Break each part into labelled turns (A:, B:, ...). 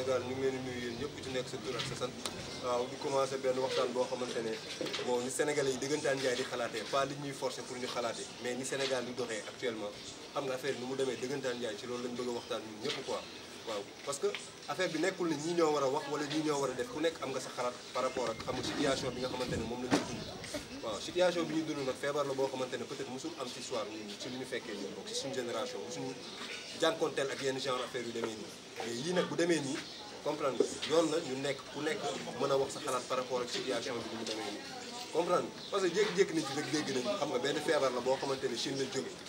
A: Sénégal ñu ngi leen di nuyu ci nekk sa tur sa sant waaw ñu commencé benn waxtaan boo xamante ne bon ni Sénégalais yi dëggantaan njaay di mais ni Sénégal di doxee actuellement xam nga affaire bi nu mu demee dëggantaan njaay ci loolu lañ a waxtaan ñoo a wax wala ñii ñoo a def ku nekk am nga sa xalaat par rapport ak xam nga situation bi nga xamante ne moom la ñuy dund feebar la boo xamante ne peut am ci histoire ñun ci ñu fekkee ñun bokk ci suñu génération mosuñu jànkonteel ak yenn genre affaire yu demee nii mais yii nag bu demee nii comprendre yoon na ñu nekk ku nekk mën a wax sa xalaat par rapport ak situation bi mu demee nii comprendre parce que jékki-jékki nañ ci rek dégg nañ xam nga benn feebar la boo xamante ne Chine la jógee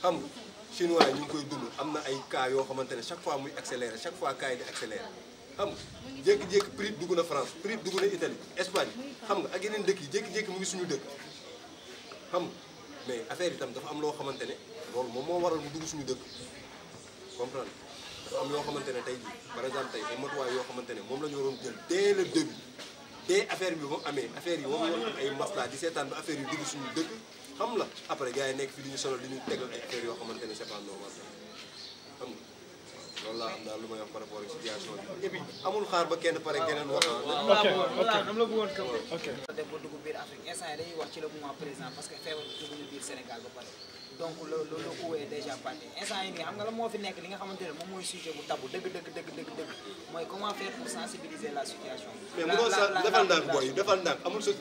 A: xam nga chinois yi ñu ngi koy dund am na ay cas yoo xamante ne chaque fois muy accéléré chaque fois cas yi di accéléré xam nga jékki-jékki prix dugg na France prix dugg na Italie Espagne xam nga ak yeneen dëkk yi jékki-jékki mu ngi suñu dëkk xam nga mais affaire yi tam dafa am loo xamante ne loolu moom moo waral mu dugg suñu dëkk comprendre dafa am yoo xamante ne tey jii par exemple tey ay matuwaay yoo xamante ne moom la ñu waroon jël dès le début dès affaire bi ba amee affaire yi moom ay masla di seetaan ba affaire yu dugg suñu dëkk xam la après gars yi nekk fi di ñu solo di ñu tegal ay affaire yoo xamante ne c'est pas xam nga loolu laa am daal lu may wax par rapport ak situation bi amul xaar ba kenn pare keneen wax. ok ok dama la bëggoon kaw. ok.
B: def ba dugg biir Afrique instant wax ci donc loolu la Uwe déjà parlé instant yii nii xam nga la moo fi nekk li nga xamante ne moom mooy sujet bu mooy comment faire pour sensibiliser la situation. mais munoo sa defal ndànk booy
A: defal ndànk amul su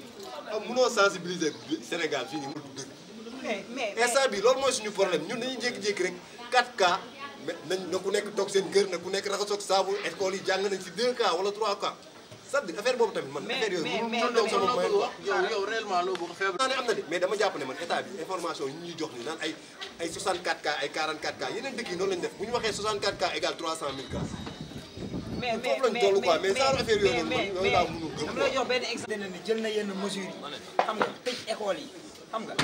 A: munoo sensibiliser Sénégal fii nii mu
B: dugg bi
A: loolu mooy suñu problème ñun dañuy jékki-jékki rek 4 cas mais na ku nekk toog seen kër na ku nekk raxasoog saabu école yi jàng nañ si 2 cas wala 3 cas. c'est-à-dire affaire boobu tamit man. affaire yooyu mais mais yow réellement loo bëgg faible. naa ne am na de mais dama jàpp ne man état bi information yi ñuy jox ni naan ay ay 64 cas ay 44 cas yeneen dëkk yi noonu lañ def bu ñu waxee 64 cas égale 300 000 cas.
B: mais mais mais mais mais mais mais mais dama la jox benn exemple. dana ni jël na yenn mesures yi xam nga tëj école yi xam nga.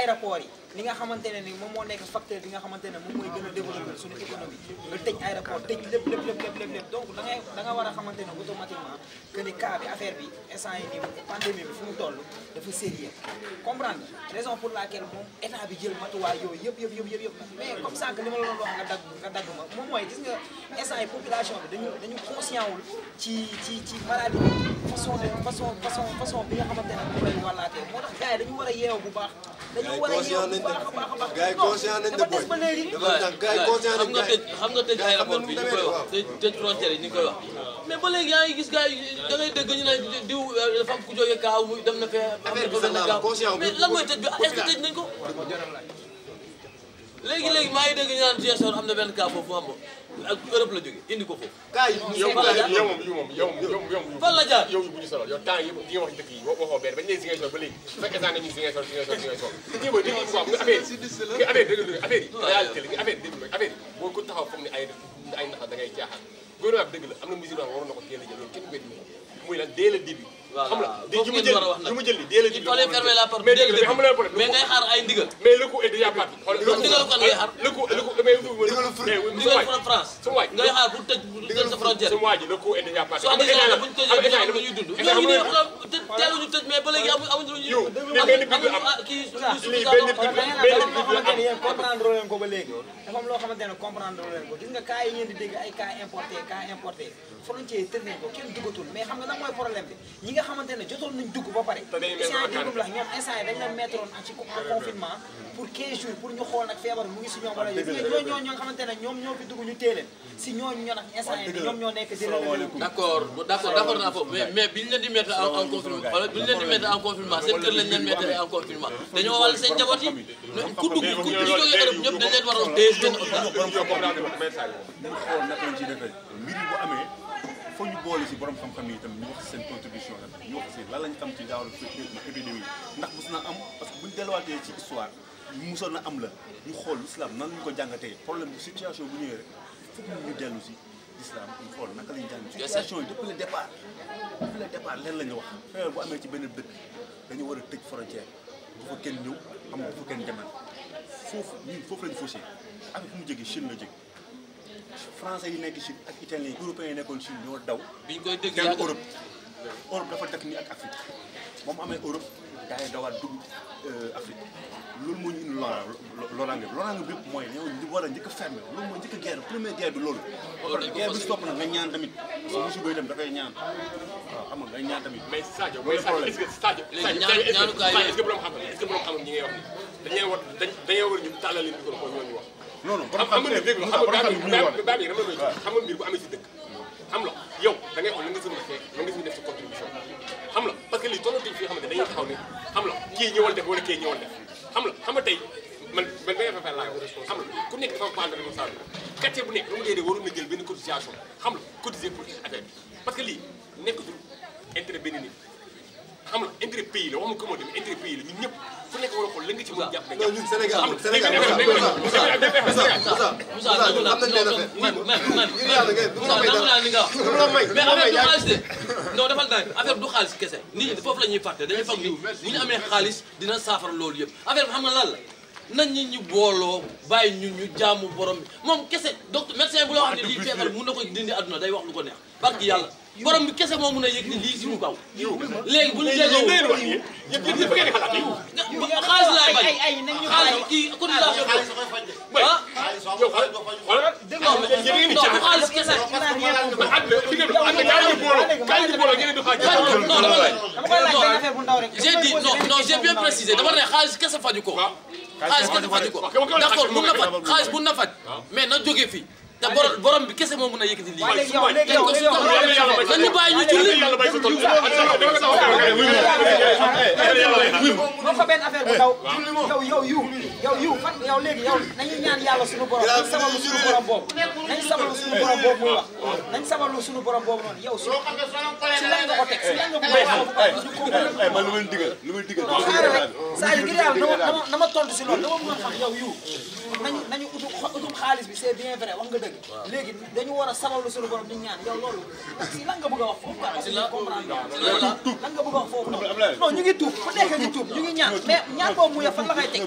B: aéroport yi li nga xamante ne ni moom moo nekk facteur bi nga xamante moom mooy gën a développer suñu économie nga tëj aéroport tëj lépp lépp lépp lépp lépp donc da war a xamante ne automatiquement que ni cas bi affaire bi instant yi nii pandémie bi fu mu toll dafa sérieux comprendre raison pour laquelle moom état bi jël matuwaay yooyu yëpp yëpp yëpp yëpp mais comme ça que li ma la doon wax nga dagg nga dagg ma moom mooy gis nga instant yi population bi dañu dañu conscient wul ci ci ci maladie façon façon façon façon bi nga xamante bu baax dañoo war a yeewu bu baax a baax a baax. gars yi conscient nañ de booy dafa ba
C: léegi. xam nga tëj aéroport bi ñu koy wax ñu koy wax. mais ba léegi yaa ngi gis gars yi da ngay dégg ñu ne diw euh, dafa ku jógee kaaw dem na fee. am na ko mais lan mooy tëj bi est-ce que nañ ko. léegi léegi maa ngi dégg ñu naan Ziguinchor am na benn cas foofu am ak Europe la jógee indi ko foofu. cas yi yow yow moom
D: yow bu ñu yi waxoo benn la affaire yi na mesure waroon waaw la di ji mu mais ngay xaar ay ndigal. mais le coup est déjà ngay xaar. le ngay xaar bu
C: tëj bu tëj sa frontière. suma waa
D: ji yi
B: ngeen di ay cas importé cas importé frontière tëj nañ ko kenn dugatul mais xam nga lan mooy problème bi nga xamante ne jotoon nañ dugg naa
C: foofu mais mais di mettre en confinement wala bi di mettre en confinement seen kër lañ leen mettre en confinement dañoo wàll seen njaboot
E: faut ñu boole si borom xam-xam yi tamit ñu wax seen contribution la ñu wax si lan lañ xam ci daaw épidémie ndax mos na am parce que buñ delluwaatee ci histoire ñu na am la ñu xool l'islam nan lañ ko jàngatee problème bi situation bu ñëwee rek foog ñu dellu si l'islam ñu xool naka lañ jàng situation yi depuis le départ depuis le départ leen la ñu wax feebar bu amee ci benn dëkk dañu war a tëj frontière bu fa kenn ñëw xam nga bu fa kenn demal foofu ñun foofu lañ faussé ak fu mu jógee Chine la jóge français yi nekk Chine ak italien yi européens yi nekkoon Chine ñoo daw. biñ koy dégg yàgg Europe. Europe dafa def nii ak Afrique moom amee Europe daay dawaat dugg euh, Afrique loolu mooy a njëkk a fermé loolu mooy a guerre première guerre bi loolu. loolu guerre bi stop na nga ñaan tamit. waaw
D: su ma dem dafay ñaan. waaw xam nga ñaan tamit. mais Sadio mais Sadio est-ce que Sadio. léegi ñaanu ñaanu gaa yi est-ce que borom xam-xam est-ce que borom xam-xam ñi ngay wax nii dañu leen war ñu wax. non non borom xam ne dégg nga xam nga daal yéen a mën a xam nga mbir bu amee si dëkk. xam la yow da ngay xool la nga sën a fekk la nga sën def sa contribution xam la parce que lii tollatuñ fi nga xamante dañuy taxaw ne xam la kii ñëwal def wala kii ñëwal def xam la xam nga tey man man da nga fa laaj xam la ku nekk dafa am part de responsabilité quartier bu nekk lu mu dee dee waroon na jël benn cotisation xam la cotiser pour affaire bi parce que lii nekkatul intérêt benn nit xam la intérêt pays la waxuma ko moo dem intérêt pays la ñun ñëpp fu nekk war a xool lëng ci mën am nañ benn affaire ngir may
C: du xaalis de non defal naa affaire du xaalis kese foofu la ñuy fàtte dañuy foog ni bu ñu amee xaalis dina saafara loolu yëpp affaire bi xam na lan la nañ ñi ñu booloo bàyyi ñu ñu jaamu borom moom kese donc médecin bu la wax ne lii feebar mun na ko dindi àdduna day wax lu ko neex barki yàlla borom bi kese moo mun a yëg ne lii suñu kaw. léegi bu ñu déggoo léegi yëpp yëpp yëpp xaalis laay xaalis kii xaalis xaalis xaalis kese xaalis kese faju ko d'accord mun na xaalis mun na faj na jóge fii. te borom borom bi kese moo mën a yëkkati lii. waaye yow léegi yow léegi yow dañu ko bàyyi ñu julli. yàlla béy sa tool
B: ma fa benn affaire bu ndaw. yow yow yu yow yu fan yow léegi yow nañu ñaan yàlla suñu borom nañu sabalu suñu borom boobu. nañu sabalu suñu borom boobu muy wax. nañu sabalu suñu borom boobu noonu yow su si lan nga ko teg si lan nga ko
E: teg. man lu muy digal lu muy digal. non xaaral rek saa yu ngir yàlla
B: na ma tontu si loolu dama mën a xam yow yu nañu nañu utum xaalis bi c'est bien vrai wax nga dëgg dëgg léegi dañu war a sabablu suñu borom di ñaan yow loolu
C: si lan nga bëgg a wax foofu quoi si comprendre lan
B: nga bëgg a wax foofu non ñu ngi tuub ku nekk ngi tuub ñu ngi ñaan mais ñaan boobu mu yo fan la koy teg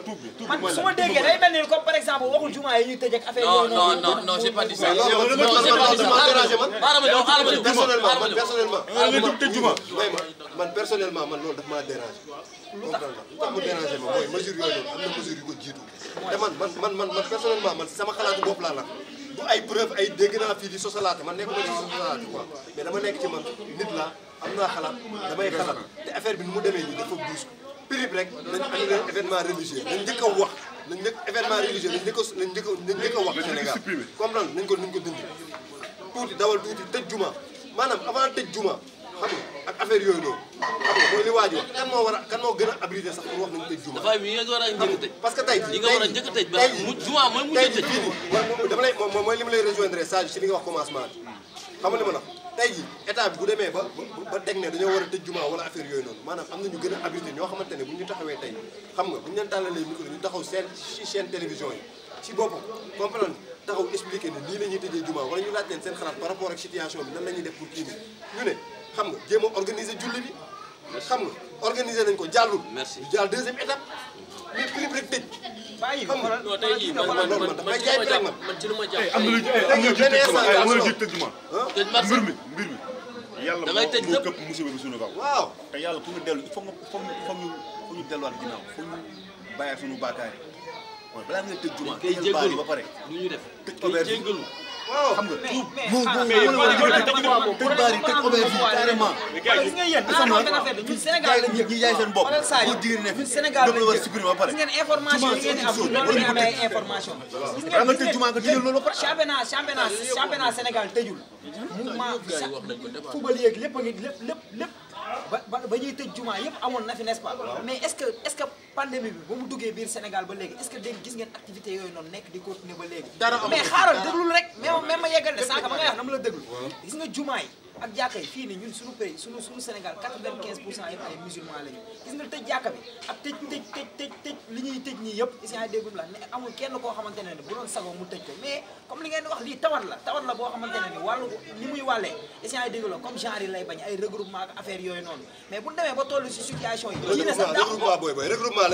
B: man su ma déggee day mel ni comme par exemple waxul jumaa yi ñuy tëj ak affaire yooyu non non non
C: j'ai pas dit ça
A: personnellement man personnellement man loolu daf maa déranger
F: comprendre nga mu déranger ma mooy mesure yooyu noonu am na
A: mesure yu ko jiitu te man man man man personnellement man sama xalaatu bopp laa la du ay preuve ay dégg naa fii di sosalaate man nekkuma ci sosalaate quoi mais dama nekk ci man nit la am naa xalaat damay xalaat te affaire bi nu mu demee nii dafa buus prix rek nañ annulé événement religieux nañ njëkk a wax nañ njëkk événement religieux nañ njëkk a nañ njëkk nañ njëkk a wax Sénégal comprendre nañ ko nañ ko dindi tuuti dawal tuuti tëj juma maanaam avant tëj juma ak affaire yooyu noonu mooy li waaj wax kan moo war a kan moo gën a abrité sax pour wax nañu nga tëj parce que tey jii nga war a njëkk a tëj ba mu juma mooy tëj moom mooy li mu lay rejoindre Sadio si li nga wax commencement bi xam ma la tey jii état bu demee ba ba teg ne dañoo war a tëj juma wala affaire yooyu noonu maanaam am na ñu gën a abrité ñoo xamante ne bu ñu taxawee tey xam nga bu ñu leen tàllalee micro ñu taxaw seen si télévision yi ci boppam comprendre taxaw expliqué ne nii la ñuy xam nga jéem a organiser julli bi xam nga organiser nañ ko jàllul jàll deuxième étape mais prix bi rek tëj bàyyi xam nga non tey jii man lu ma jàpp man ci lu ma jàpp na eh, lu am na lu jiite ma
C: am mbir mi mbir
E: mi yàlla moo moo këpp musiba bi suñu kaw waaw te yàlla pour ñu dellu il faut nga faut ñu delluwaat ginnaaw faut ñu bàyyi suñu bàkkaar yi balaa nga tëj juma yi ba
B: pare lu ñu def tëj auberge xam nga tout mu mu mu tëj baar yi tëj auberge yi carrément. xam nga ñun Sénégal lañ ñu yaay seen bopp pour jigéen ne fi lépp war a supprimer ba pare. information da nga tëj jumaa nga tëjal loolu ba pare. championnat championnat championnat Sénégal tëjul. mu ma football yeeg lépp a ngi lépp lépp lépp. ba ba ñuy tëj jumaa yëpp amoon na fi nest mais est-ce que bi ba mu duggee biir Sénégal ba léegi est-ce que dégg gis ngeen activité yooyu noonu nekk di continuer ba léegi mais xaaral déglul rek mais même ma yeggal de sànq ba ngay wax na ma gis nga jumaa yi ak jàkka yi fii nii ñun suñu pays suñu suñu Sénégal 95 pour cent yëpp ay musulman lañu gis nga tëj jàkka bi ak tëj tëj tëj tëj li ñuy tëj ñii yëpp isient déggum la ne amul kenn koo xamante ne bu doon sagoo mu tëj ko mais comme li ngeen wax lii tawat la tawat la boo xamante ne ni ni muy wàllee isient déggu la comme genre lay bañ ay regroupement ak affaire yooyu noonu mais bu ñu demee ba toll si situation yi lii ne ne
A: regroupement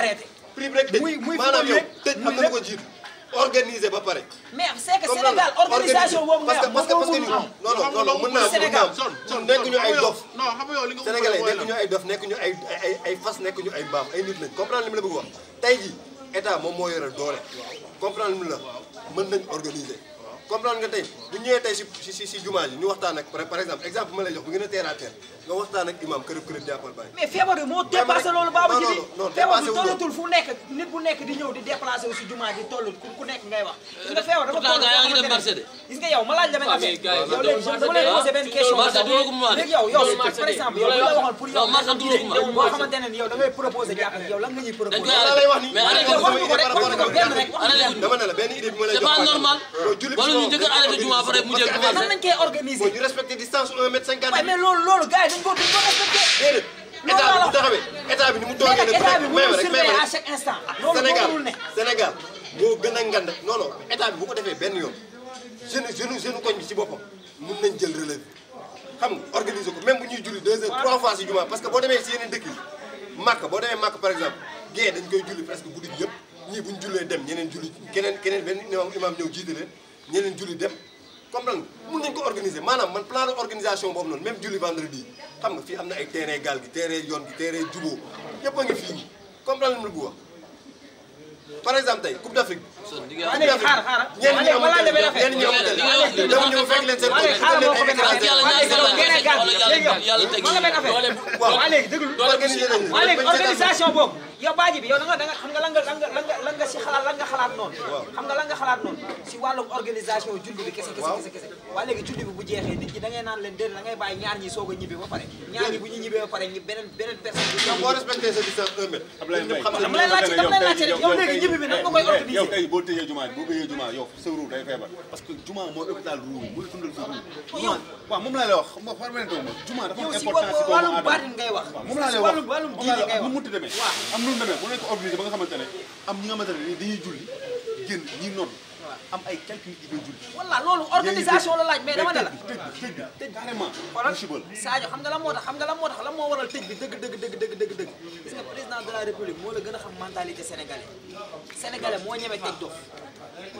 A: lay prime rek muy muy maanaam yow tëj am na ko jiitu organisé ba pare.
B: mais c'est que Sénégal organisation boobu nga am parce que parce que
A: non non non mën naa ci mën naa am nekk ñu ay dof.
D: non xam nga yow li nga sénégalais nekk ñu
A: ay dof nekk ñu ay ay ay fas nekk ñu ay baam ay nit lañ comprendre li mu la bëgg wax. tey jii état moom moo yore doole comprendre li mu la mën nañ organiser. comprendre nga tey bu ñëwee tey si si si jumaa ji ñu waxtaan ak par exemple exemple ma lay jox bu ngeen a teer a teer nga waxtaan ak imam kër kër jàppal bàyyi mais
B: feebar bi moo dépassé loolu baaba ji bi feebar bi tollatul fu nekk nit bu nekk di ñëw di déplacé wu si jumaa ji tollut ku nekk ngay wax gis nga feebar dafa toll
C: gis nga yow ma laaj la benn ah, affaire yow léegi dama lay ah. posé benn question léegi yow yow par exemple yow bu la waxoon pour yow
B: boo xamante ne yow da ngay proposé jàpp yow lan nga ñuy proposé lay wax ni wax ñu ko
C: rek
B: dama ne la benn idée bi ma lay jox ñu njëkk a arrêté juma pare mu jël commencé. mën nañu koy organiser. ñu respecté distance 1 mètre ko dañu mu toogee ne.
A: état mu ah, benn yoon jeune jeune jeune koñ bi ci boppam mun jël relève xam nga organiser que boo demee ci par exemple gée dañ koy julli presque guddi gi yëpp ñii bu ñu jullee dem ñeneen julli keneen benn imaam imaam ñëw jiite leen ñeneen julli dem comprendre nga mun nañu ko organiser maanaam man plan de organisation boobu noonu même julli vendredi xam nga fii am na ay terrain gal gi terrain yoon gi terrain jubóo yëpp a ngi fii comprendre nga lu mu par exemple tey Coupe d'Afrique.
B: Coupe d'Afrique ñenn ñi amul télé ñenn ñi amul télé ñoom ñëw fekk leen seen organisation boobu yow baaji bi yow da nga da nga xam nga lan nga lan nga lan nga si xalaat lan nga xalaat noonu xam nga lan nga xalaat noonu si wàllum organisation julli bi kese kese kese waa léegi julli bi bu jeexee nit ñi da ngay naan leen déedéet da ngay bàyyi ñaar ñi soog a ñibbi ba pare ñaar ñi bu ñu ñibbee ba pare beneen beneen personne
E: boo respecté sa distance un mètre
B: ñibbi bi nan nga koy eh, eh, organiser yow
E: tey boo tëjee jumaa boo tëjee jumaa yow sa ruu day feebar parce que jumaa mooy hôpital ruu mooy dundal sa ruu yow waaw moom laa lay wax ma formé doomu jumaa dafa am importance si doomu aadama baatin ngay wax moom laa lay wax wàllum diine ngay wax mu munti demee am nu demee mu nekk organisé ba nga xamante ne am ñi nga xamante ne dañuy julli
F: génn
B: ñi nodd am ay quelques idées julli.
E: voilà loolu organisation la laaj mais dama ne
F: la.
B: tëj bi tëj bi tëj carrément. xoolal Sadio xam nga lan moo tax xam nga lan moo tax lan moo waral tëj bi dëgg dëgg dëgg dëgg dëgg dëgg. gis nga président de la république moo la gën a xam mentalité sénégalais sénégalais moo ñeme tëj dof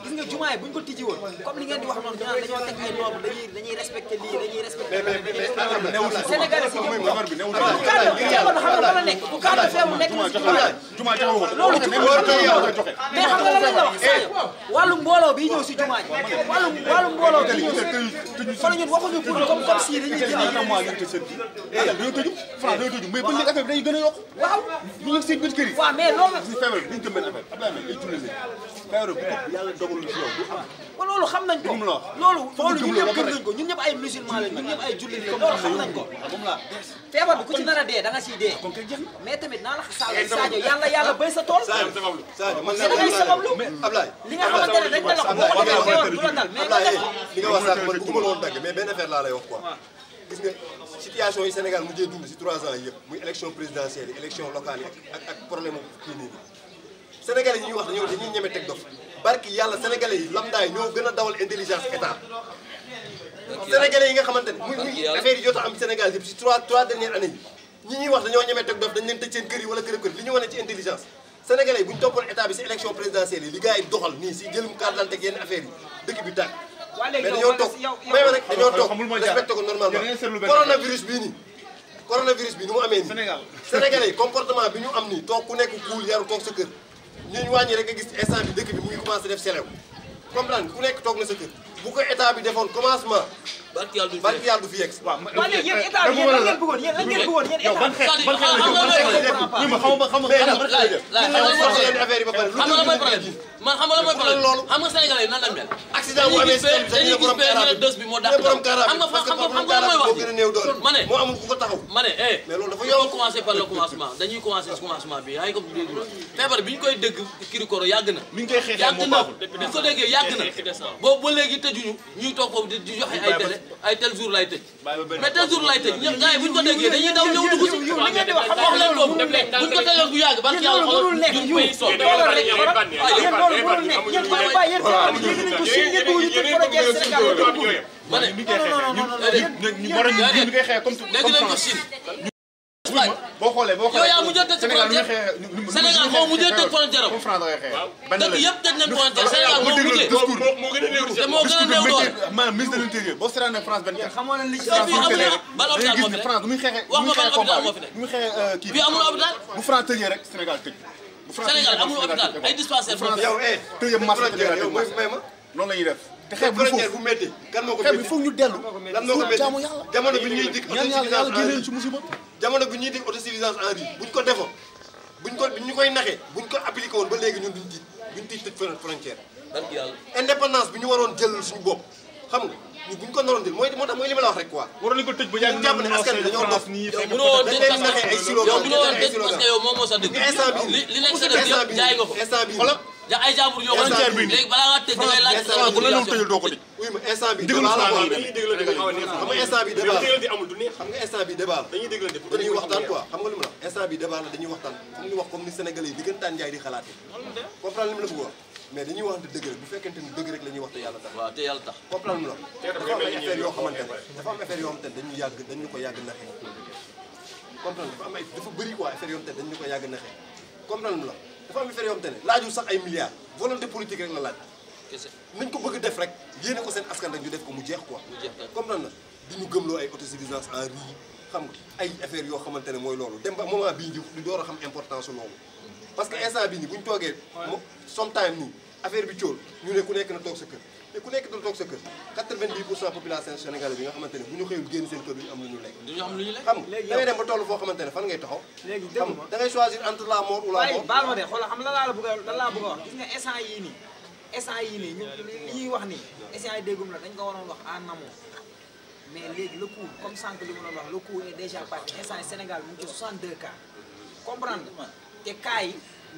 B: gis nga jumaa yi bu ñu ko tijji woon comme li ngeen di wax noonu ñu naan dañoo teg ay normes dañuy dañuy respecté lii dañuy respecté. Sénégal si jëm kaw bu kaddu jéego xam
E: nga la nekk bu kaddu fee mu nekk juma loolu ci mais xam
B: nga lan la wax wàllu mbooloo bi ñëw si juma ji wàllu wàllu mbooloo bi ñëw si
E: fa ñun waxuñu pour comme comme si dañuy jënd ala dañoo tëju franc dañoo tëju mais ba léegi affaire bi dañuy gën a yokk waaw ñu ngi si biir kër yi waaw mais loolu
B: Kairou loolu xam nañ ko loolu. ñun ñëpp gëm nañ ko ñun ñëpp ay musulman lañ ñun ñëpp ay jullit lañ la a dee da nga siy dee. mais tamit naa la xasaale Sadio yàlla yàlla
D: béy sa tool. Sadio sabablu Sadio man nee naa sabablu
A: mais Ablaye. li nga xamante ne ne la ko boo dagg mais benn affaire laa lay wax quoi. gis nga situation yi Sénégal mujjee dund si trois ans yëpp muy élection présidentielle élection locale yi ak ak problème kii nii sénégalais yi ñu wax dañoo dañuy ñeme teg dof barki yàlla sénégalais yi lamdaay ñoo a dawal intelligence état sénégalais yi nga xamante ne muy muy affaire yi jot a am Sénégal yëpp si trois trois yi bu ñu toppoon état bi si élection présidentielle yi li gars yi doxal nii si jëlum carte d'identité ak yenn affaire yi dëkk bi tàkk mais dañoo toog mais rek dañoo toog respecté ko normalement coronavirus bii nii coronavirus bi ni mu amee nii sénégalais yi comportement bi ñu am nii toog ku nekk kuul yaru toog sa kër ñu wàññi rek nga gis instant bi dëkk bi mu ngi commencé def selew comprendre ku nekk toog na sa kër bu ko état bi defoon commencement
E: barki fi barki fi yegg. waaw
A: man xam nga xam mooy problème man xam nga lan mooy
C: problème xam nga mel. accident bu amee dañuy gis benn benn dës par le commencement dañuy commencement bi yaa ngi ko dégg bi ñu koy dégg kirikoro yàgg na yàgg ñu ko déggee yàgg na boobu léegi tëjuñu ñuy toog foofu di joxe ay délai ay tel jour lay tëj. mais tel jour lay tëj ñoom yi bu ñu ko déggee si. yow li ngeen di wax xam nga loolu loolu bu ñu ko teyoon bu yàgg parce que yàlla xoolal du pays sol. yéen loolu rek yéen loolu mënul nekk yéen koy bàyyi yéen seen bopp yéen
E: ko signé a boo xoolee boo xoolee yow yaa Sénégal mu mujjee tëj frontière am dëkk yëpp tëj nañ frontière Sénégal moo mujjee te moo gën a néew doole maanaam ministre de l'intérieur boo seetaan ne France 24 xamoo ne li ci France ban hôpital moo fi nekk France du muy xeexee wax nga ban hôpital moo fi nekk du muy xeexee euh, kii bi amul hôpital bu France tëjee rek Sénégal tëj Sénégal amul hôpital ay dispensaire France yow eh
C: tëjee eh, marché
E: noonu la ñuy def te xeex bu foofu bu métti kan moo ko métti xeex bi foog ñu dellu lan moo ko métti jaamu yàlla jamono bi ñuy dig autosuffisance en riz ci
B: musiba
A: buñ ko defoon buñ ko buñ ko appliqué woon suñu bopp xam buñ ko naroon jël mooy moo tax mooy li la wax rek quoi waroon nañ ko tëj ba yàgg jàpp ne askan bi dañoo dof mënoo dañ leen naxee ay slogan yow mënoo woon tëj parce que yow moom moo sa dëgg instant bi li leen sa dëgg yow jaay nga ko instant bi
C: ja ay jaamur ñoo ko bi léegi balaa ngaa tëj da ngay laaj sa bu la ñu tëjul doo ko di ma
A: instant bi débat la xam nga instant bi débat xam nga instant bi débat la dañuy déglante pour dañuy waxtaan quoi xam nga lu mu la instant bi débat la dañuy waxtaan comme ni wax comme ni sénégalais yi diggantaan njaay di xalaatee comprendre li mu la bëgg wax mais dañuy waxante dëgg rek bu fekkente ni dëgg rek la ñuy wax te yàlla tax waaw te yàlla tax comprendre mu la
C: dafa am ay affaire yoo
A: xamante ne dafa am affaire yoo xamante ne dañu yàgg dañu ko yàgg naxee comprendre dafa am ay dafa bëri quoi affaire yoo xamante ne dañu ko yàgg naxee comprendre mu la dafa am affaire yoo xamante ne laajul sax ay milliards volonté politique rek la laaj. nañ ko bëgg def rek yéene ko seen askan rek ñu def ko mu jeex ko mu jeex comprendre na di ñu gëmloo ay autosuffisance en riz xam nga ay affaire yoo xamante ne mooy loolu dem ba moment bii ñu di door a xam importance su loolu. Mm. parce que instant bii nii bu ñu toogee. sometime nii. affaire bi cóol ñu ne ku nekk na toog sa kër te ku nekk na toog sa kër 90 pour cent population sénégalaise bi nga xamante ne bu ñu xëyul génn seen kër du am lu ñu lekk. du ñu am lu xam ngay dem ba ngay taxaw.
B: léegi ngay choisir xam lan laa wax gis nga dañ ko waroon wax en amont mais léegi le coût comme sànq li ma doon wax le coût est déjà parti instant mu ngi ci 62 cas comprendre te cas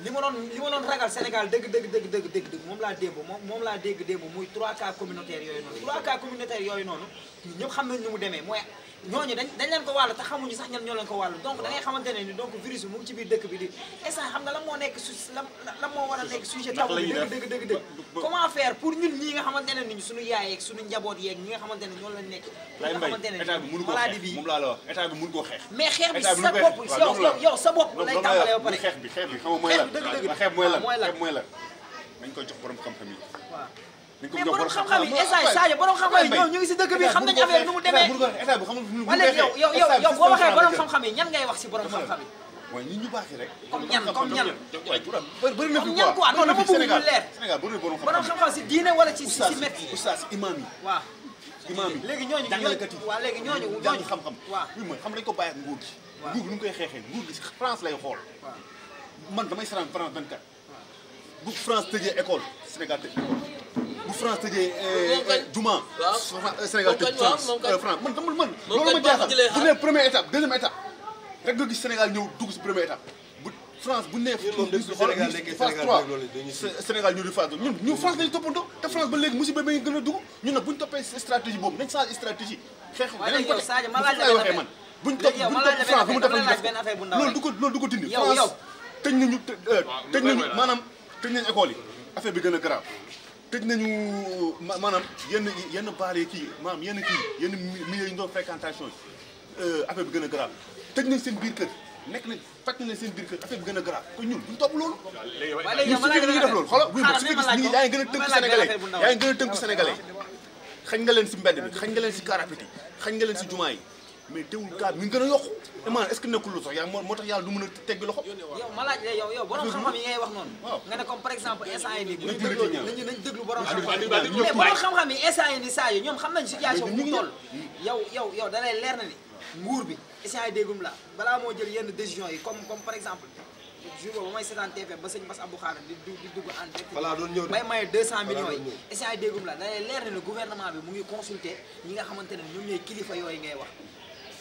B: li ma doon li ma doon ragal Sénégal dëgg dëgg dëgg dëgg dëgg dëgg moom laa démb moom moom laa dégg démb muy trois cas communautaire yooyu noonu trois cas communautaire yooyu noonu ñëpp xam nañ mu demee ñooñu dañ dañ leen ko wàll te xamuñu sax ñan ñoo leen ko wàll donc da ngay xamante ne ni donc virus bi mu ngi ci biir dëkk bi di instant xam nga lan moo nekk su lan lan moo war a nekk sujet tabu bi dëgg comment faire pour ñun ñii nga xamante ne suñu yaay yeeg suñu njaboot yeeg ñi nga xamante ne ñoo leen nekk nga xamante ne maladie
E: la wax état bi mënu koo xeex mais xeex bi sa bopp yow sa bopp lay tàmbalee ba pare xeex bi xeex bi xam nga mooy lan xeex mooy lan mooy lan dañ koy jox borom xam-xam yi mais borom xam-xam yi essay Sadio borom xam-xam nu
B: xam-xam yi ñan ngay wax si borom xam-xam yi
E: waaye nit ñu baax rek comme xam-xam borom xam-xam si ci si métti oustaz imam yi waaw xam-xam waaw oui xam nañ ko bàyyi ak nguur nu koy xeexee nguur gi France lay xool France tëjee juma. Euh, euh, waaw euh, Sénégal tëj France France man man man. loolu ma jaaxal bu nee première étape deuxième étape rek nga gis Sénégal ñëw dugg si première étape bu France bu nee. France dañu toppandoo te France ba léegi musiba ba ngi gën a dugg ñun nag bu ñu toppee stratégie boobu nañ change stratégie. xeex beneen waxee man bu ñu topp France bu mu defal ñu def loolu du loolu du ko France tëj nañu tëj maanaam tëj nañu école yi affaire bi gën a grave tëj nañu maanaam yenn yenn baal kii maanaam yenn kii yenn milieu yi ñu doon fréquentation yi euh, affaire bi gën a grave tëj nañ seen biir kër nekk nañ fàcc nañ seen biir kër affaire bi gën a grave kon ñun duñ topp loolu. waaw
G: léegi yow balaa gën a def loolu xoolal. xaaral fi ma laaj ko yaa ngi a tënku sénégalais yaa
E: ngi gën a tënku sénégalais xañ nga leen si mbedd bi xañ nga leen si car rapide nga leen si jumaa yi mais teewul cas mi ngi gën a yokku imaam est-ce moo tax yàlla
B: du mën a tegg loxo yow ma laaj la yow yow xam-xam yi ngay wax noonu nga ne comme par exemple instant yi nii nañ nañ déglu xam-xam yi mais borom xam yi ñoom xam nañ situation bu toll yow yow yow da lay leer na ni nguur bi instant yi déggum la balaa moo jël yenn décision yi comme comme par exemple jour boobu ba may seetaan TFM ba sëñ Bass Abdou di dugg en direct bay maye 200 millions yi instant yi déggum la da leer na ni gouvernement bi mu ngi consulter nga xamante ne ñoom yooyu ngay wax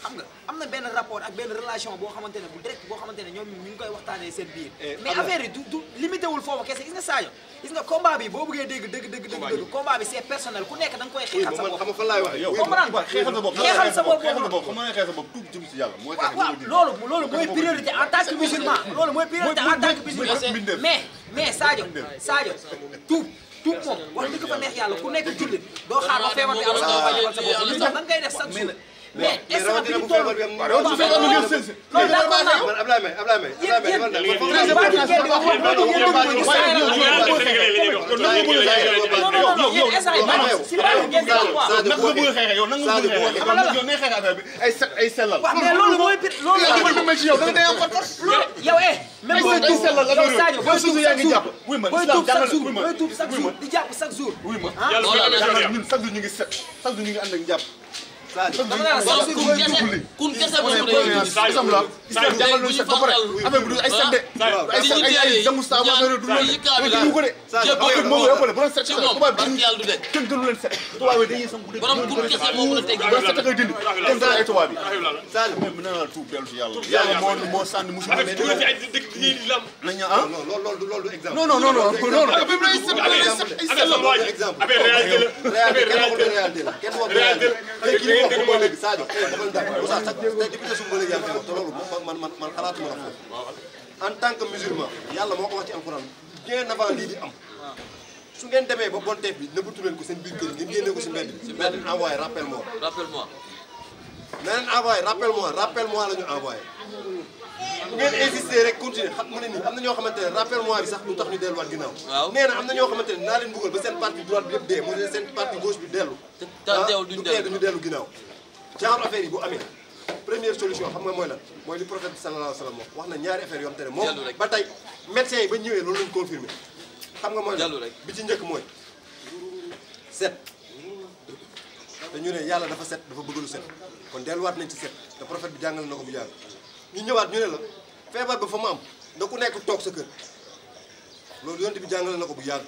B: xam nga am na benn rapport ak benn relation boo xamante ne bu direct boo xamante ñoom ñu koy waxtaanee seen biir. Eh, mais affaire yi du du limité wul foofu nga Sadio gis nga combat bi boo bëggee dégg dëgg dëgg dëgg combat ku nekk da koy xeexal sa bopp xam
E: nga si yàlla mooy tax waaw
B: loolu loolu mooy priorité en tant que musulman loolu mooy priorité en tant que musulman mais mais Sadio Sadio tuub tuub moom wax dëgg fa yàlla ku nekk jullit doo xaar feebar bi am sa mais est-ce que duñu toll waaw
E: su fekkee ñu ngi seen loolu d' accord naa man Ablaye Mbaye Ablaye
A: Mbaye. yéen yéen yéen yéen yéen yéen yéen yéen
E: yéen yéen yéen yéen yéen dama la la kun kese kun kese la jàppal nañu set ba pare affaire bi du ay set de ay ay jangu sa ma do do yi ka la ko de jëpp mo ko bu la set ci moom barki yàlla du de kenn gënu leen set tubaab yi dañuy sam bu de borom kun kese moo mën a teg do set ngay dind dem dara ay tubaab bi salim mais mën na tuub dellu ci yàlla yàlla moo moo sànni musuma ne
A: nañ ah loolu loolu loolu exemple non non non non bi lay set ay set
E: exemple avec réalité la avec réalité la ngeen déglu ma léegi
A: Sadio ba léegi ko wax ci su ngeen demee ba bon bi nëbbatu ko seen biir kër ngeen génnee ko si mbedd bi na leen envoyé rappel moi rappel moi na la
C: ñu bu
A: ngeen insister rek continuer xam mu ne nii am na ñoo xamante ne rappel moi bi sax lu tax ñu delluwaat ginnaaw. waaw nee na am na ñoo xamante ne naa leen buggal ba seen parti droite bi yëpp dee mu ne dellu. te ah, teewul duñ dellu dellu ginnaaw. genre affaire yi bu amee première solution xam nga mooy lan mooy li prophète sallallahu alayhi wa sallam wax na xam te ne moom ba tey médecins yi ba ñëwee loolu lañ confirmé xam nga mooy lan bi ci njëkk mooy set dañu ne yàlla dafa set dafa bëgg lu set kon delluwaat nañ ci set te prophète bi jàngal ko bu yàgg ñu ñëwaat ñu ne la feebar ba fa mu am da ku nekk toog sa kër loolu yonent bi jàngale na ko bu yàgg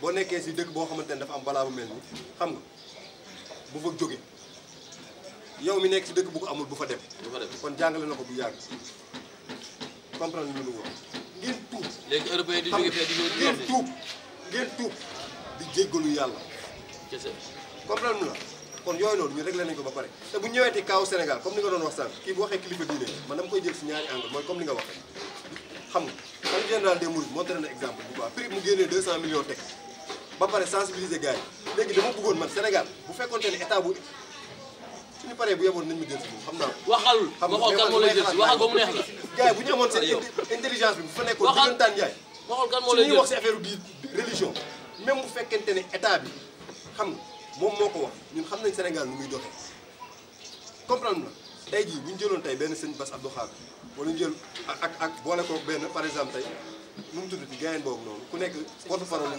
A: boo nekkee si dëkk boo xamante ne dafa am balaa bu mel nii xam nga bu fa jóge yow mi nekk si dëkk bu ko amul bu fa dem. bu kon jàngale na ko bu yàgg comprendre lu mu wax
C: ngeen tuub. léegi di jóge fee di ngeen tuub ngeen
A: jéggalu yàlla. kese comprendre la. kon yooyu noonu ñu réglé nañu ko ba pare te bu ñëweeti kaaw Sénégal comme ni nga doon wax sànq kii bu waxee kilifa diine man dama koy jël si ñaari angle mooy comme li nga wax xam nga xalifa général des mourides montré na exemple bu baax prix léegi dama bëggoon man Sénégal bu fekkoonte ne état bu suñu paree bu yeboon nañ ma jël xam naa waxal waxal kan moo lay si ñu amoon moo lay jël si ñuy wax si affaire di religion même bu fekkente ne état bi xam nga moom moo ko wax ñun xam nañ Sénégal nu muy doxee comprendre ma tey jii bu ñu jëloon tey benn sëñ Bass Abdou Khadre wala ñu jël ak ak boole ko benn par exemple tey mu mu tuddati gaayen boobu noonu ku nekk porte parole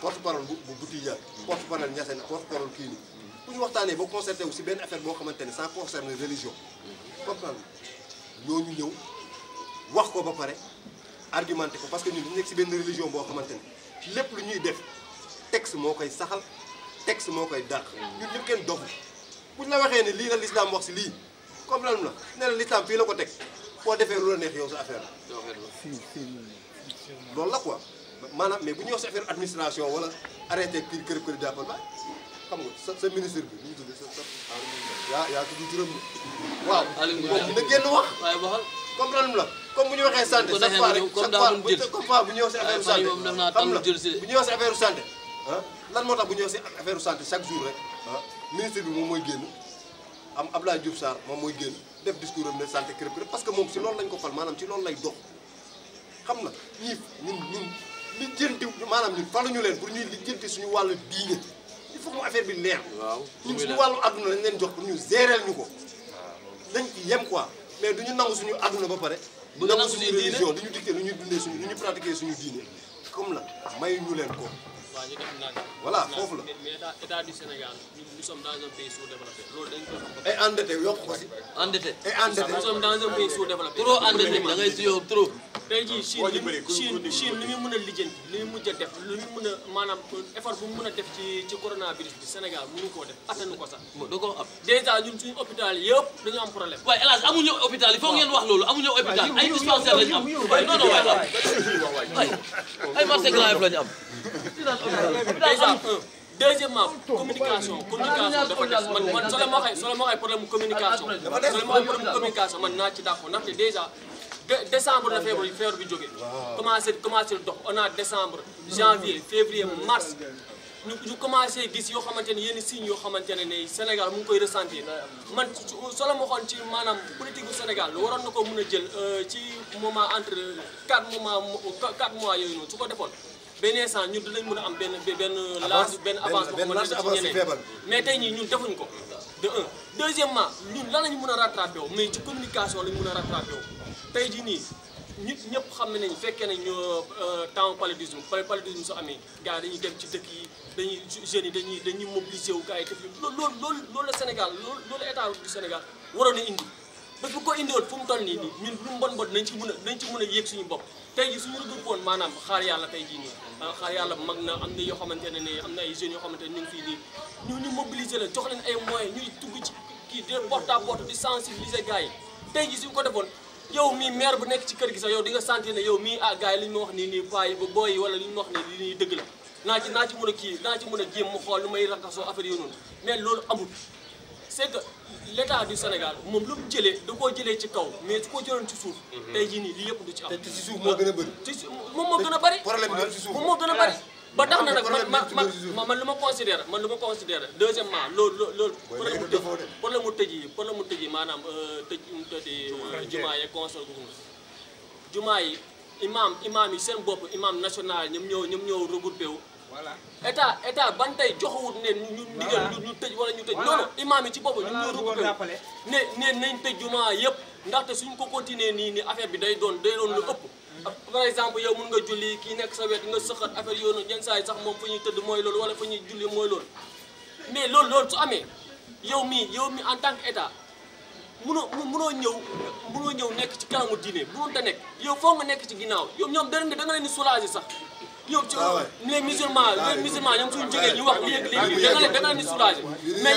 A: porte parole bu bu Tijaan porte parole Ñaseen porte parole kii nii bu ñu waxtaanee ba concerté wu si benn affaire boo xamante ne ça concerne religion comprendre ñooñu ñëw wax ko ba pare argumenté ko parce que ñu dañu nekk si benn religion boo xamante ne lépp lu ñuy def texte moo koy saxal texte moo koy dàq ñun ñëpp kenn doxul ne lii la lislaam wax si lii comme lan la ne la lislaam fii la ko teg foo defee lu la neex yow sa affaire
F: la loolu la
A: maanaam mais bu ñuy wax sa affaire administration wala arrêté kii kër kër jàppal ba xam nga sa sa ministre bi ñu tudd sa sa yaa yaa tudd turam waaw moom na génn wax comme lan la comme bu ñu waxee santé chaque fois rek chaque fois bu ñu waxee affaire xam nga bu ñu waxee affaire santé ah. lan moo tax bu ñëw si affaire santé chaque jour rek ah, ministre bi moom mooy génn am Abdoulaye Diouf Sarr moom mooy génn def discours am ne santé parce que moom si loolu lañ ko fal maanaam si loolu lay dox xam na ñii ñun ñun lijjanti maanaam ñun ñu leen pour ñu lijjanti suñu wàllu diine il faut que affaire bi leer. waaw ñun suñu wàllu àdduna lañ leen jox pour ñu gérer ñu ko. dañ ah, ko yem quoi mais duñu nangu suñu adduna ba pare. bu nangu suñu religion duñu dicté lu ñuy dundee suñu lu ñuy pratiquer suñu diine comme la may ñu leen ko.
G: voilà foofu la. mais état du Sénégal nous sommes dans un pays sous-développé loolu dañ ko.
A: et endetté yokk ko si. endetté et endetté. nous sommes dans un pays sous-développé. trop endetté da ngay suyoo trop.
G: tey jii Chine Chine Chine li muy mën a lijjanti li muy mujj a def li muy mën a maanaam effort bu mu mën a def ci ci coronavirus bi Sénégal mënu koo def attanu ko sax. da koo am dèjà ñun suñu hôpital yëpp dañu am problème. waaye hélas amuñu
C: hôpital il faut ngeen wax loolu amuñu hôpital ay dispensaires lañu am. non non waay
G: waay ay marché grand lañu am. déjà un deuxièmement communication communication dafa des man man solo moo problème communication solo problème communication man naa ci d'accord ndaxte déjà décembre la feebar feebar bi jógee commencé commencé dox on a décembre janvier février mars ñu ñu commencé gis yoo xamante ne yenn signes yoo xamante ne ne Sénégal mu ngi koy ressentir man solo ma xoon ci maanaam politique bu Sénégal waroon na ko mën a jël euh, ci moment entre 4 mois 4 mois yooyu noonu su ko defoon beneen instant ñu dinañ mun a am benn benn laaj benn avance boo xamante ne ci ñeneen mais tey ñii ñun defuñ ko de un deuxièmement ñun lan lañu mën a rattrapé wu mais ci communication lañu mën a rattrapé tey jii nii ñu ñëpp xam nañ fekkee nañ ñu euh, temps paludisme paludisme su amee gars dañuy dem ci dëkk yi dañuy jeunes yi dañuy dañuy mobiliser wu gars yi def loolu loolu loolu la Sénégal loolu loolu état du Sénégal waroon a indi parce que ko indiwoon fu mu toll nii nii ñun lu mbon mbon nañ ci mën a ci mën a yéeg suñu bopp tey ji suñu regroupé woon maanaam xaar yàlla tey jii nii ah, xaar yàlla mag na am na yoo xamante ne nii am na ay jeunes yoo xamante ne ñu ngi fii nii ñu ñu mobiliser la jox leen ay moyens ñuy tugg ci kii di porte à porte di sensibiliser gars yi tey ji suñu ko defoon yow mii maire bu nekk ci kër gi sax yow di nga sentir na yow mii ah gars yi li ñu ma wax nii nii paa booy yi wala li wax nii li ñuy dëgg la naa ci naa ci mën a kii naa ci mën a jéem mu xool lu may rakkasoo affaire yooyu noonu mais loolu amul c'est l'état du Sénégal moom lu mu jëlee da koo jëlee ci kaw mais du ko jëloon ci suuf. Mhm. tey jii nii lii yëpp du ci am. te ci moo gën a bëri. ci suuf moom moo gën a bëri. moom moo gën a bëri. ba tax na nag man man man lu ma considéré man lu ma considéré deuxièmement loolu loolu problème mu tëj problème mu tëj yi problème mu tëj yi maanaam euh, tëj mu tëj euh, jumaa yeeg console gu jumaa yi imaam imaam yi seen bopp imaam national ñoom ñoo ñoom ñoo regroupé wu état état ban tey joxawut ne ñu ndigal ñu tëj wala ñu tëj noonu imaam yi ci boobu ñu ñoo regroupé ne ne nañ tëj jumaa yëpp ndaxte suñ ko continuer nii ni affaire bi day doon day lu ëpp par exemple yow mun nga julli kii nekk sa wet nga sëqat affaire yoonu yenn saa yi sax moom fu ñuy tëdd mooy loolu wala fu ñuy julli mooy loolu mais loolu loolu su amee yow mii yow mii en tant que état munoo munoo ñëw munoo ñëw nekk ci kanamu diine bu doon te nekk yow foo nga nekk ci ginnaaw yow ñoom da nga leen di soulager sax yow ci ah les musulmans ah les jógee ñu wax léegi léegi ah da nga da leen di soulager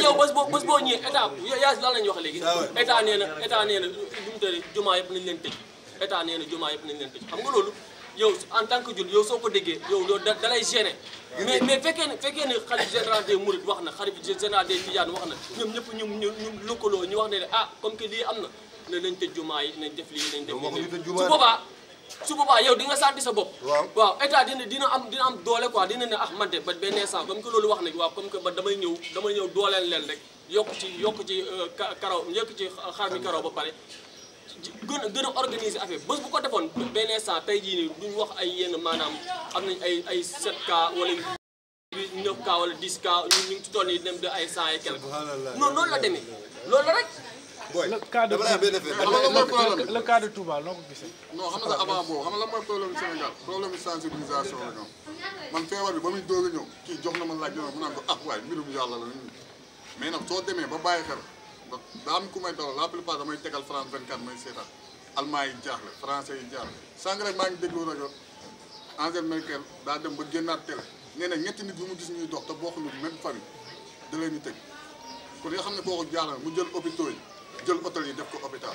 G: yow bés boo bés boo ñëwee état yaa wax léegi état nee na état nee na lu mu tëddee jumaa yëpp nañu leen tëj xam nga loolu yow en tant que jul yow soo ko déggee yow dalay gêner mais fekkee ne fekkee ne xalif général des Mourides wax na xalif général des Tidiane wax na ñoom ñëpp ñu ñu ñu lëkkaloo ñu wax ne ah comme que lii am na nañ tëj jumaa yi nañ def lii nañ def lii su boobaa su boobaa yow di nga santi sa bopp waaw état dina dina am dina am doole quoi dina ne ah man de ba benn instant comme que loolu wax nañ waaw comme que ba damay ñëw damay ñëw dooleel leen rek yokk ci yokk ci euh, karaw yokk ci xar mi karaw ba pare gën a gën a organiser affaire bés bu ko defoon benn instant tey jii nii duñ wax ay yenn maanaam am na ay ay 7K wala 9K wala 10K ñu ngi ci toll nii dem de ay 100 et quelque non noonu la demee
F: loolu la rek
E: booy dama mooy problème bi le cas de Touba noo ko gisee.
F: non xam nga avant boobu xam nga lan mooy problème Sénégal problème sensibilisation la ñoom man feebar bi ba muy doog ñëw kii jox na ma laaj yoon mu naan ko ah waaye mbirum yàlla la nit mais nag soo demee ba bàyyi xel daa am ku may dalal la plupart damay tegal France 24 may seetaan allemand yi jaaxle français yi jaaxle sànq rek maa ngi déglu rajo Angela Merkel daa dem ba génnaat télé nee na ñetti nit yu mu gis te bokkuñu même famille da xam ne kooku jaaxle mu jël hôpitaux yi jël hôtel yi def ko hôpital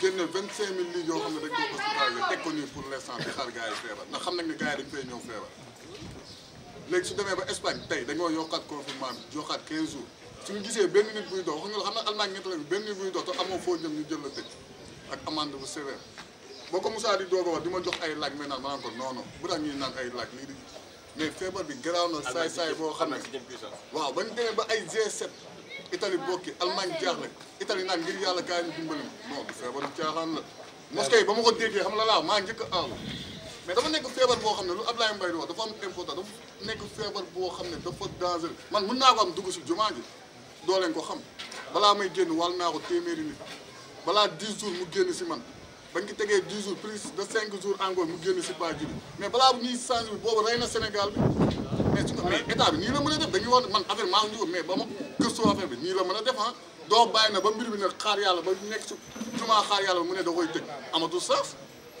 F: génne vingt cinq mille lits yoo xam ne dañ ko hospitalisé teg ko nii pour l'instant bi xaar gars yi feebar ndax xam nañ ne gars yi dañ fay ñëw feebar léegi su demee ba Espagne tey dañoo yokkaat confinement bi yokkaat benn nit buy dox wax xam na Allemagne ñett la bi benn nit buy dox te amoo foo jëm ñu jël la boo ko Moussa di doog a di ma jox ay laaj mais naan ma naan ko bu tax ñuy ay laaj lii di bi garaaw na saay saay boo xam ne waaw bañ demee ba ay G7 itali bokki Allemagne jaaxle Italie naan ngir yàlla kaay ñu dimbali ma non du feebar caaxaan la moskee ba ma ko déggee xam la maa njëkk a aalu mais dafa nekk feebar boo xam ne lu Ablaye Mbaye di wax dafa nekk boo xam ne dafa dangereux man mun naa ko am dugg si jumaa ji doo leen ko xam balaa may génn wàll naa ko téeméeri nit balaa 10 jours mu génn si man bañ ko tegee 10 jours plus de 5 jours encore mu génn si baa ji mais balaa bu ñuy changé bi boobu rey na Sénégal bi mais su ko mais état bi nii la mën a def dañuy wax man affaire maa ngi ko mais ba ma gëstoo affaire bi nii la mën a def ah doo bàyyi na ba mbir bi nag xaar yàlla ba nekk ci jumaa xaar yàlla mu ne da koy tëj amatul saaf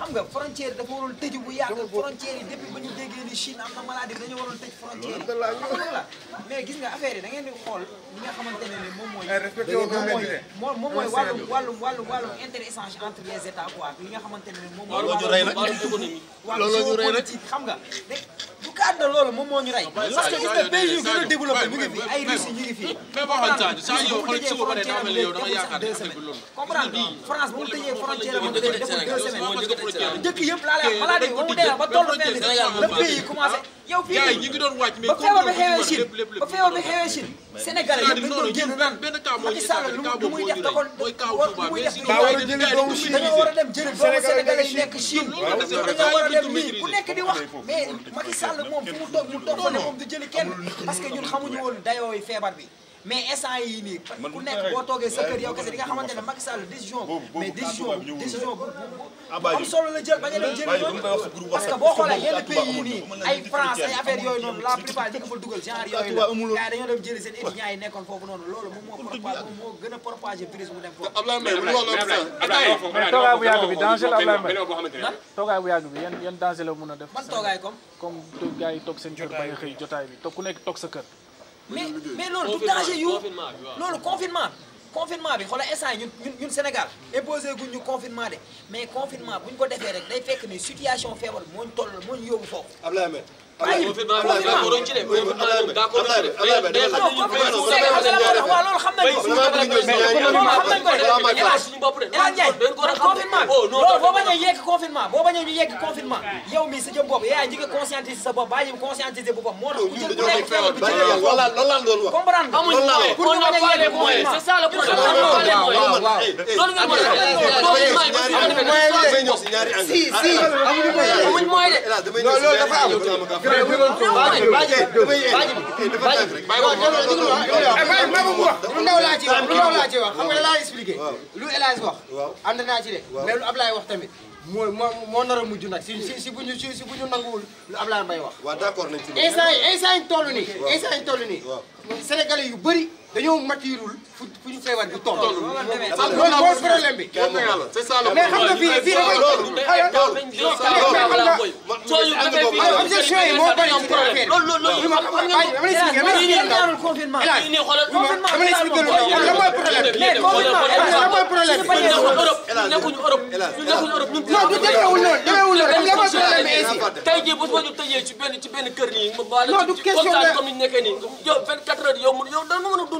B: xam nga frontière dafa waroon tëj bu yàgg frontière yi depuis ba ñu déggee ni Chine am na maladie bi dañoo waroon tëj frontière yi xam la mais gis nga affaire yi da ngeen di xool li nga xamante ne ni moom mooy eh, moom moom mooy wàllum wàllum wàllum wàllum inter-échange entre les états quoi li nga xamante ne ni moom mooy wàllum économie wàllum géopolitique xam nga bu cadre de loolu moom moo ñu rey. parce que gis nga pays yu gën a développé mu ngi fi ay Russie
E: ñu ngi fi. comprendre
B: France mu tëjee frontière am deful deux
G: semaines. dëkk yëpp laa lay wax balaa dee ba mu dee ba tollu fenn le pays commencé.
B: yow fii gars yi ñu ngi doon wàcc mais ba feebar bi xewee Chine ba feebar bi xewee Chine
D: Sénégal yëpp dañu doon génn naan Macky Sall lu lu muy def da ko lu muy def da war a jëli doomu Chine dañoo war a dem jëli doomu Sénégal yi nekk Chine dañoo war a dem nii ku nekk di wax
B: mais Macky Sall moom fu mu toog mu toog fa ne moom du jëli kenn parce que ñun xamuñu woon dayooy feebar bi mais instant yii nii. man ku nekk boo toogee sa kër yow kese di nga xamante ne Macky Sall décision. mais décision décision bu am ah, solo la jël ba parce que boo xoolee yenn pays yi nii ay France ay affaire yooyu noonu la plupart ñi nga fa dugal genre yooyu la gars dañoo dem jëli seen étudiants yi nekkoon gën a propagé virus
G: mu dem foofu. Ablaye toogaay bu yàgg bi danger la a def. seen kër xëy jotaay bi toog ku nekk toog sa kër mais
B: mais loolu du danger yu loolu confinement confinement bi xoolal instant ñun ñun ñun Sénégal imposé guñ ñu confinement de mais confinement bu ñu ko defee rek day fekk ni situation feebar moo ñu toll moo yow yóbbu
G: foofu. Abdoulaye ayi loolu xam nañu ko loolu boo bañee yegg
B: confinement boo bañee ñu yegg confinement yow mi sa jëm bopp yaa njëkk a conscientiser sa bopp baa ñu conscientiser boppam moo tax ku jël ku nekk feebar bi jël voilà loolu laa doon wax comprendre amuñu pour ñu bañ a yegg confinement c'est ça le problème loolu nga mën a si si amuñu moyen
A: de lu ndaw laa ci wax lu ndaw laa ci wax xam nga laa expliqué lu El Hadj wax ànd naa ci de mais lu Ablaye wax tamit moo moo moo nar a mujj nag si si si bu ñu si bu ñu nanguwul lu Ablaye Mbaye wax waaw d'accord nañ ci instant yi instant yi toll nii instant yi toll nii sénégalais yu bëri dañoo matirul fu fu ñu feebar bi toll. loolu problème bi. c'est ça mais xam nga fii fii dafay. loolu
C: loolu
G: loolu loolu loolu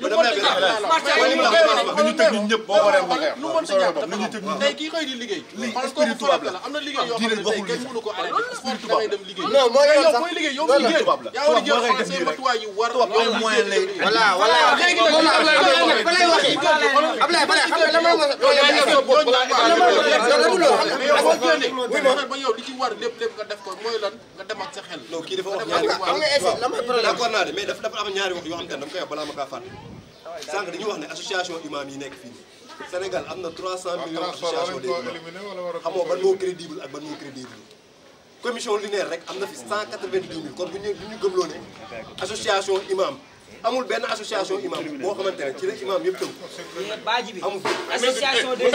G: lu mën di ñàkk marché yi ñu koy wax
E: lu ñu tëj ñun ñëpp boo waree mu leer lu mën di ñàkk dafa am tey kii xëy di liggéey parce que tubaab la am na liggéey yoo xam ne tey kenn mënu ko arrêté sport da ngay dem liggéey non mooy yow booy liggéey yow mi liggéey yaa war a jël français matuwaay yu war yow moyen
G: lay voilà voilà léegi nag ba lay wax Ablaye Ablaye xam nga la ma
C: wax yow yaa ñëw
F: boo la ba
A: yow li ci war lépp lépp
G: nga def ko mooy lan nga
A: dem ak sa xel non kii dafa wax ñaari wax xam nga essai la ma problème d'accord naa de mais dafa dafa am ñaari wax yoo xam ne dama koy wax balaa ma kaa fàtte sànq dañuy wax ne association imam yi nekk fii Sénégal am na 300 millions association des
E: imams xamoo ban moo crédible ak ban moo crédible
A: commission linéaire rek am na fi 192 000 kon bu ñu bu ñu gëmloo ne association imam amul benn association imam boo xamante ne ci la imam yëpp tënk. baaji bi amul association mu ne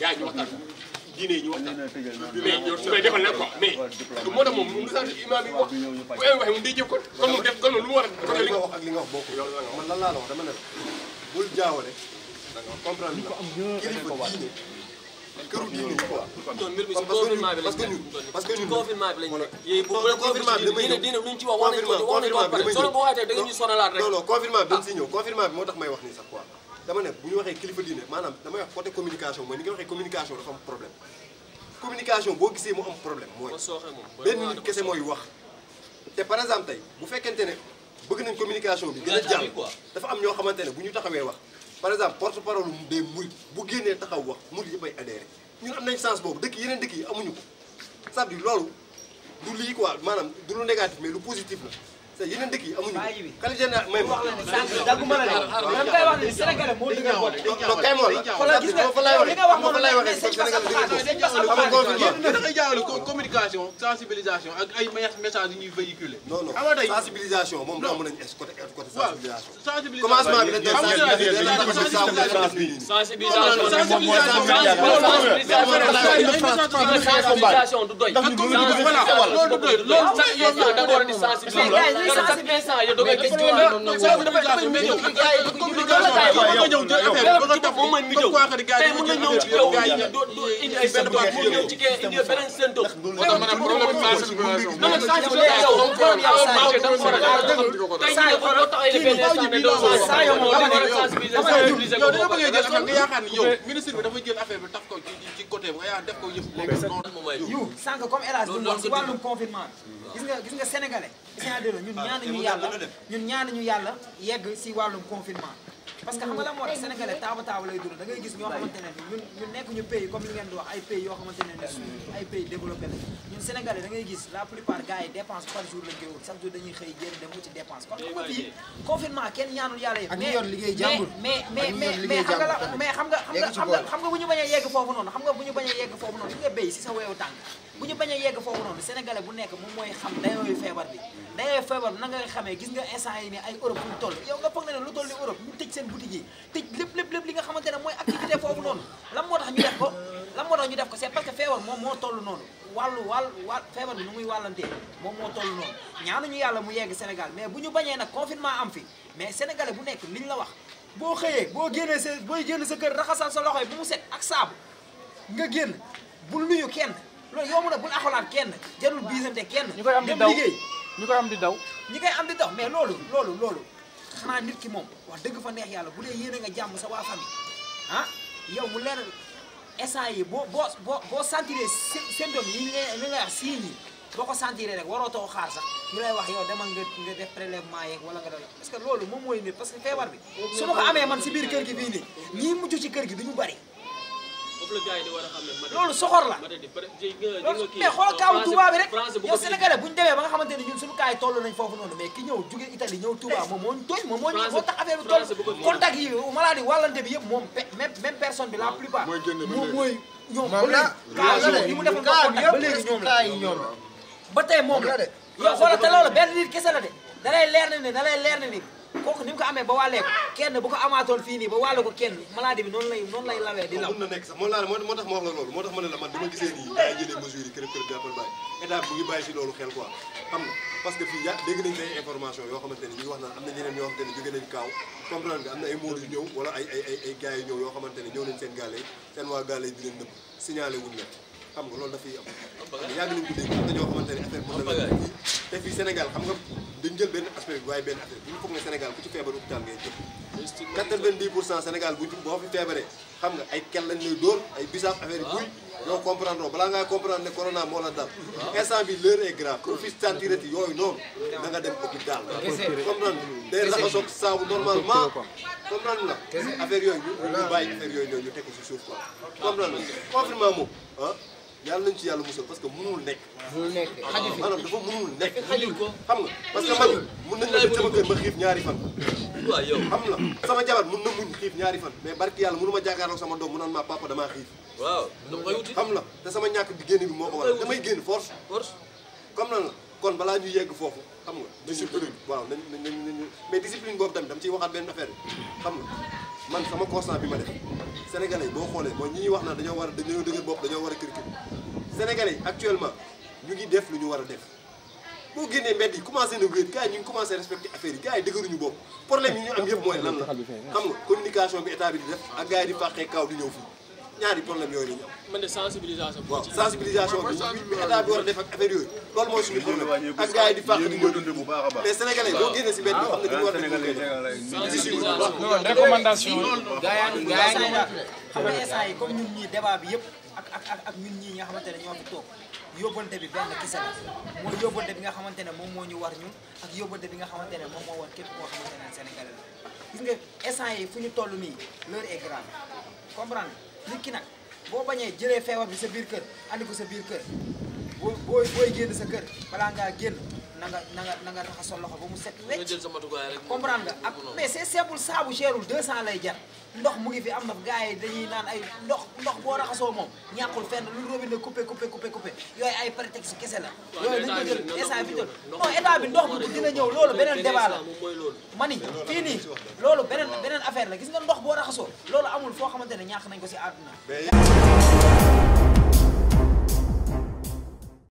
D: dañoo war a diine yi ñu waxtaan mais moo tax moom mu wax bu ay waxee wax
A: ak li dama ne bu ñu waxee kilifa diine maanaam damay wax côté communication mooy ni nga waxee communication dafa am problème communication boo gisee mu am problème mooy benn nit kese mooy wax te par exemple tey bu fekkente ne bëgg nañ communication bi gën a jàll dafa am ñoo xamante ne bu ñu taxawee wax par exemple porte parole des murid bu génnee taxaw wax murid yëpp ay adhéré ñu am nañ sens boobu dëkk yeneen dëkk yi amuñu ko cest loolu du lii quoi maanaam du lu négatif mais lu positif la sa yeneen dëkk yi amuñu xale général may wax la ni sànq dagguma la de man kay wax ni sénégalais moo dëggal bopp non kay moo la xoolal gis nga li nga wax moom la wax sénégalais dëggal da ngay jaawale communication sensibilisation ak ay message yu ñuy véhiculer non non xam nga sensibilisation moom am nañu est
G: côté côté sensibilisation
C: commencement bi dañ doon sensibilisation sensibilisation du doy
G: loolu du doy loolu sax yéen da nga war a di sensibiliser yow
C: sànq comme El Hadj du wax si wàllum
B: confinement gis nga gis nga sénégalais ñun ñaanuñu yàlla ñun ñaan ñaanuñu yàlla yegg si wàllum confinement
F: parce que xam nga la moo tax sénégalais
B: taabu taabu lay dund da gis ñoo xamante ñun nekk ñu pays comme li ngeen di wax ay pays yoo xamante ne ni ay pays développé la ñun sénégalais gis nga la mais nekk moom mooy xam dayooyu feebar bi dayooyu feebar bi na gis nga instant ni ay Europe fu toll yow nga foog na ne lu toll ni Europe ñu tëj seen boutique yi tëj lépp lépp lépp li nga xamante ne mooy activité foofu noonu lan moo tax ñu def ko lan moo tax ñu def ko c'est parce que feebar moom moo toll noonu wàllu wàll wàll feebar bi nu muy wàllantee moom moo toll noonu ñu yàlla mu yegg Sénégal mais bu ñu bañee nag confinement am fi mais sénégalais bu nekk liñ la wax boo xëyee boo génnee sa booy génn sa kër raxasal sa loxo yi bu mu set ak saabu nga génn bul nuyu kenn loolu yomb a bul axalaat kenn jarul biisante kenn ñu koy am di daw ñu koy am di daw mais loolu loolu loolu xanaa nit ki moom wax dëgg fa neex yàlla bu dee yéene nga jàmm sa waa famille ah yow mu leer essence yi boo boo boo boo sentiree symptôme yi li nga wax signes yi boo ko sentiree rek waroo too xaar sax ñu lay wax yow demal nga nga def prélèvement yeeg wala nga def parce loolu moom mooy nit parce feebar bi su ma ko amee man si biir kër gi bii nii ñii mujj ci kër gi du ñu bari
G: loolu soxor la loolu mais xool kaawu rek yow sénégalais bu ñu
B: demee ba nga xamante ñun suñu kaay toll nañ foofu noonu mais ki ñëw jóge Italie ñëw Touba eh, moom moo ñu tooñ moom moo la plupart moom mooy ñoom ba léegi ba léegi ñoom la ba tey moom la yow xoolal te loolu benn nit kese la de da lay leer na ni da lay leer na ni kooku ni mu ko amee ba wàllee ko kenn bu ko amaatoon fii nii ba wàlle ko kenn maladie bi noonu lay noonu lay lawee di law mën na nekk sax moo laa moo tax ma wax la loolu moo tax ma ne la man bi ma gisee nii daa jëlee mesures yi kërëb kërëb jàppal bàyyi
A: état bu ngi bàyyi si loolu xel quoi xam na parce que fii ya dégg nañ tey information yoo xamante ne ñu ngi wax naan am na ñeneen ñoo xamante ne jóge nañ kaaw comprendre nga am na ay móor yu ñëw wala ay ay ay ay gars yu ñëw yoo xamante ne ñëw nañ seen gaale yi seen waa gaale yi di leen nëpp signalé wuñ leen xam nga loolu dafay am yàgg nañ ko dégg am na ñoo xamante ne affaire mën na te fii Sénégal xam nga dañ jël benn aspect bi waaye benn affaire bi ñu foog ne Sénégal ku ci feebar hôpital ngay jëm. 90 pour cent Sénégal bu boo fi feebaree xam ay kel lañ lay ay bisaab affaire buy yow comprendre balaa ngaa comprendre ne corona moo la dal. instant bi l'heure est grave. ku fi sentirati yooyu noonu da nga dem hôpital. comprendre
E: day raxasoog saabu normalement.
A: comprendre nga affaire yooyu comprendre nga moom yàlla nañ ci yàlla musal parce que mënul nekk. mënul nekk ah, xam nga parce que man mën nañ la sama kër ma xiif ñaari fan. waaw yow xam la sama jabar mën na muñ xiif ñaari fan mais barki yàlla mënuma jàkkaarloo sama doom mu naan ma papa damaa xiif. waaw dama koy wuti xam la te sama ñàkk bi génn bi moo ko waral damay génn force. force comme nan la kon balaa ñu yegg foofu xam nga. discipline waaw nañ nañ na mais discipline boobu tamit dama ciy waxaat benn affaire xam nga man sama constat bi ma def sénégalais boo xoolee mooy ñi ñuy wax na dañoo war a dañoo dëgër bopp dañoo war a kër kër sénégalais actuellement ñu ngi def lu ñu war a def boo génnee mbedd yi commencé na wéet gars yi ñu ngi commencé respecté affaire yi gars yi dëgëruñu bopp problème yi ñu am yëpp mooy lan la xam nga communication bi état bi di def ak gars yi di fàqee kaw di ñëw fii ñaari problème yooyu la ñu
G: am. man de sensibilisation. waaw sensibilisation bi état bi war a
A: def
E: ak affaire yooyu. loolu mooy suñu problème ak gars yi di fàq di bu baax a baax. mais sénégalais boo génnee si benn bi ah, xam nga dañu war a def. recommandation xam nga
B: instant yi comme ñun ñii débat bi yëpp ak ak ak ñun ñii nga xamante ne ñoo fi toog yóbbante bi benn kese la mooy yóbbante bi nga xamante ne moom moo ñu war ñun ak yóbbante bi nga xamante ne moom moo war képp koo xamante ne Sénégalais la gis nga instant yi fu ñu toll nii l'heure est grave comprendre nit ki nag boo bañee jëlee feebar bi sa biir kër andi ko sa biir kër boo booy booy sa kër balaa ngaa génn na nga na a sol loxo ba mu set wecc jël nga ak mais c'est simple saabu cherul 200 lay jar ndox mu ngi fi am na gars yi dañuy naan ay ndox ndox boo raxasoo moom ñàkkul fenn lu robinet coupé coupé coupé coupé yooyu ay prétexte kese la yooyu nañ ko jël instant bi jël non état bi ndox bi dina ñëw loolu beneen débat la mani fii nii loolu beneen beneen affaire la gis nga ndox boo raxasoo loolu amul foo xamante ne ñàkk nañ ko si àdduna